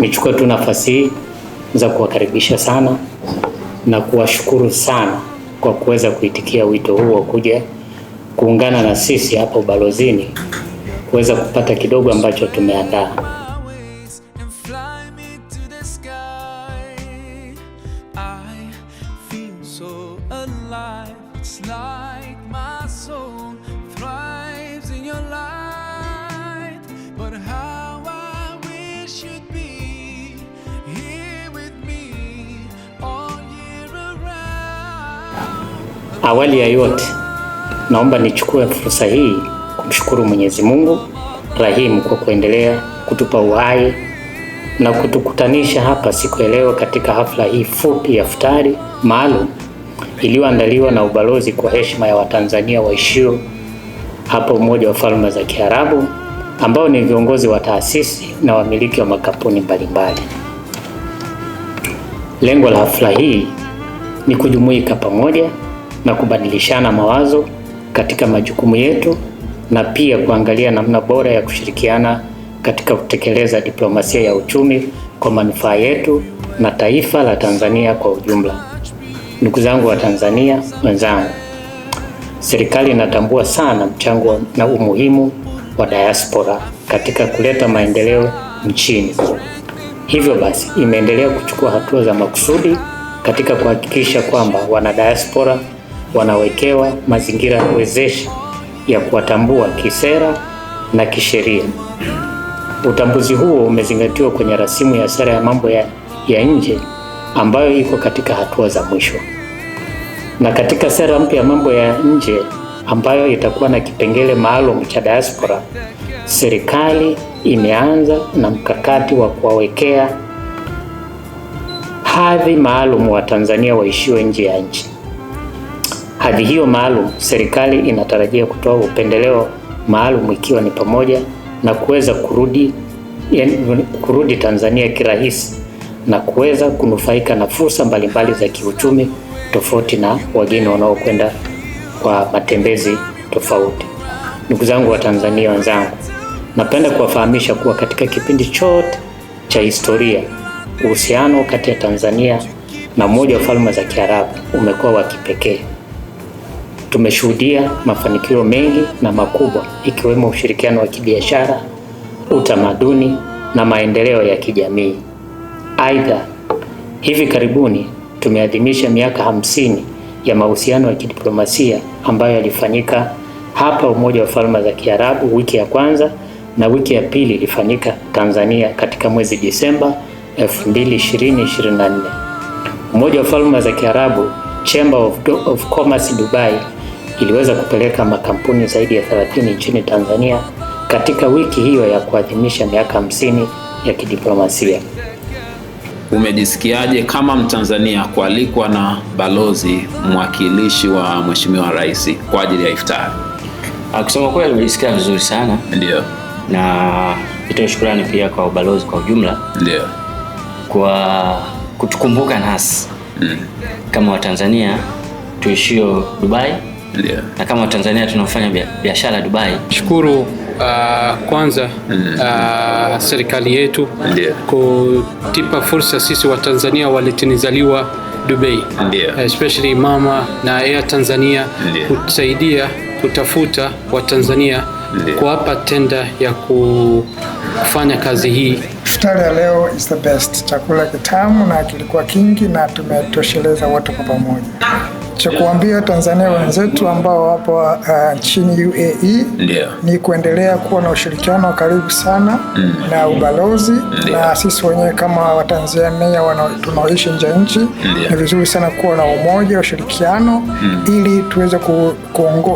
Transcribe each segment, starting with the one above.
nichukue tu nafasi hii za kuwakaribisha sana na kuwashukuru sana kwa kuweza kuitikia wito huu kuja kuungana na sisi hapo balozini kuweza kupata kidogo ambacho tumeandaa. Awali ya yote, naomba nichukue fursa hii kumshukuru Mwenyezi Mungu rahimu kwa kuendelea kutupa uhai na kutukutanisha hapa siku ya leo katika hafla hii fupi ya futari maalum iliyoandaliwa na ubalozi kwa heshima ya Watanzania waishio hapo Umoja wa Falme za Kiarabu ambao ni viongozi wa taasisi na wamiliki wa makampuni mbalimbali. Lengo la hafla hii ni kujumuika pamoja na kubadilishana mawazo katika majukumu yetu na pia kuangalia namna bora ya kushirikiana katika kutekeleza diplomasia ya uchumi kwa manufaa yetu na taifa la Tanzania kwa ujumla. Ndugu zangu wa Tanzania wenzangu, serikali inatambua sana mchango na umuhimu wa diaspora katika kuleta maendeleo nchini. Hivyo basi, imeendelea kuchukua hatua za makusudi katika kuhakikisha kwamba wana diaspora wanawekewa mazingira ya wezeshi ya kuwatambua kisera na kisheria. Utambuzi huo umezingatiwa kwenye rasimu ya sera ya mambo ya, ya nje ambayo iko katika hatua za mwisho na katika sera mpya ya mambo ya nje ambayo itakuwa na kipengele maalum cha diaspora, serikali imeanza na mkakati wa kuwawekea hadhi maalum wa Tanzania waishiwe nje ya nchi. Hadhi hiyo maalum, serikali inatarajia kutoa upendeleo maalum ikiwa ni pamoja na kuweza kurudi, kurudi Tanzania kirahisi na kuweza kunufaika na fursa mbalimbali za kiuchumi tofauti na wageni wanaokwenda kwa matembezi tofauti. Ndugu zangu wa Tanzania wenzangu, napenda kuwafahamisha kuwa katika kipindi chote cha historia uhusiano kati ya Tanzania na Umoja wa Falme za Kiarabu umekuwa wa kipekee. Tumeshuhudia mafanikio mengi na makubwa ikiwemo ushirikiano wa kibiashara, utamaduni na maendeleo ya kijamii. Aidha, hivi karibuni tumeadhimisha miaka hamsini ya mahusiano ya kidiplomasia ambayo yalifanyika hapa Umoja wa Falme za Kiarabu wiki ya kwanza na wiki ya pili ilifanyika Tanzania katika mwezi Disemba 2024. Umoja wa Falme za Kiarabu, Chamber of, of Commerce Dubai iliweza kupeleka makampuni zaidi ya 30 nchini Tanzania katika wiki hiyo ya kuadhimisha miaka hamsini ya kidiplomasia. Umejisikiaje kama Mtanzania kualikwa na balozi mwakilishi wa Mheshimiwa Rais kwa ajili ya iftari? Kusema kweli nimejisikia vizuri sana. Ndio. Na nitoe shukrani pia kwa ubalozi kwa ujumla. Ndio. Kwa kutukumbuka nasi mm. kama Watanzania tuishio Dubai yeah. na kama Tanzania tunafanya biashara Dubai. Shukuru uh, kwanza mm. uh, serikali yetu yeah. kutipa fursa sisi wa Tanzania Dubai yeah. especially mama na Air Tanzania yeah. kutusaidia kutafuta Watanzania kuwapa tenda ya kufanya kazi hii. Iftari ya leo is the best, chakula kitamu na kilikuwa kingi na tumetosheleza watu kwa pamoja cha kuambia Tanzania wenzetu ambao wapo uh, nchini uh, UAE Ndia. ni kuendelea kuwa na ushirikiano wa karibu sana mm. na ubalozi Ndia. na sisi wenyewe kama Watanzania tunaoishi nje ya nchi ni vizuri sana kuwa na umoja, ushirikiano mm. ili tuweze ku,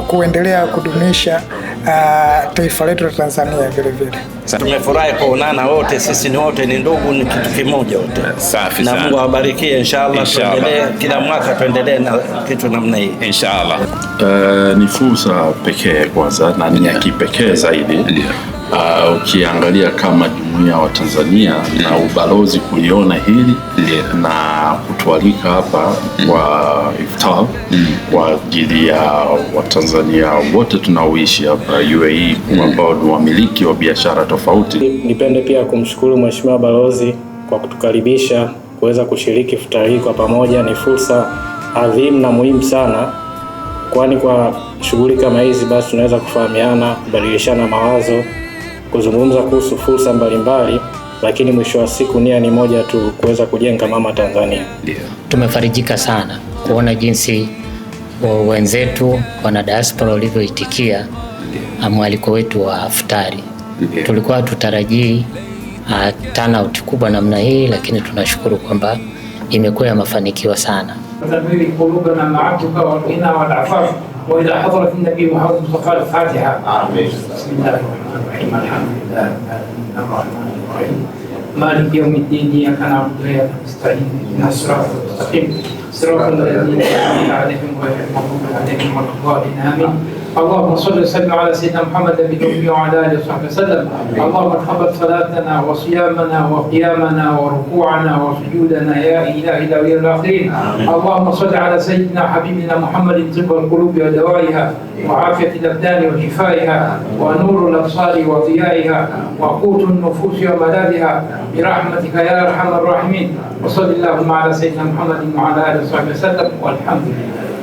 kuendelea kudumisha uh, taifa letu la Tanzania vilevile. Tumefurahi kuonana wote, sisi ni wote ni ndugu, ni kitu kimoja wote. Safi sana. Na Mungu awabarikie inshallah, tuendelee kila mwaka tuendelee na kitu namna hii inshallah. Uh, ni fursa pekee kwanza na ni ya kipekee zaidi yeah. Uh, ukiangalia kama jumuiya wa Tanzania yeah. na ubalozi kuliona hili yeah. na kutualika hapa kwa iftar mm. kwa ajili ya Watanzania wote tunaoishi hapa UAE mm. ambao ni wamiliki wa biashara tofauti. Nipende pia kumshukuru Mheshimiwa Balozi kwa kutukaribisha kuweza kushiriki iftar hii kwa pamoja. Ni fursa adhimu na muhimu sana, kwani kwa shughuli kama hizi basi tunaweza kufahamiana, kubadilishana mawazo, kuzungumza kuhusu fursa mbalimbali lakini mwisho wa siku nia ni moja tu, kuweza kujenga mama Tanzania. Yeah. tumefarijika sana kuona jinsi wenzetu wana diaspora walivyoitikia mwaliko wetu wa Yeah. Tulikuwa tutarajii ah, turnout kubwa namna hii, lakini tunashukuru kwamba imekuwa ya mafanikio sana. وإذا حضرت النبي محمد فقال فاتحة بسم الله الرحمن الرحيم الحمد لله الرحمن الرحيم مالك يوم الدين إياك نعبد وإياك نستعين اهدنا الصراط المستقيم صراط الذين أنعمت عليهم غير المغضوب عليهم ولا الضالين آمين اللهم صل وسلم على سيدنا محمد بن النبي وعلى اله وصحبه وسلم اللهم تقبل صلاتنا وصيامنا وقيامنا وركوعنا وسجودنا يا اله الى الى الاخرين اللهم صل على سيدنا حبيبنا محمد طب القلوب ودوائها وعافيه الابدان وشفائها ونور الابصار وضيائها وقوت النفوس وملاذها برحمتك يا ارحم الراحمين وصل اللهم على سيدنا محمد وعلى اله وصحبه وسلم والحمد لله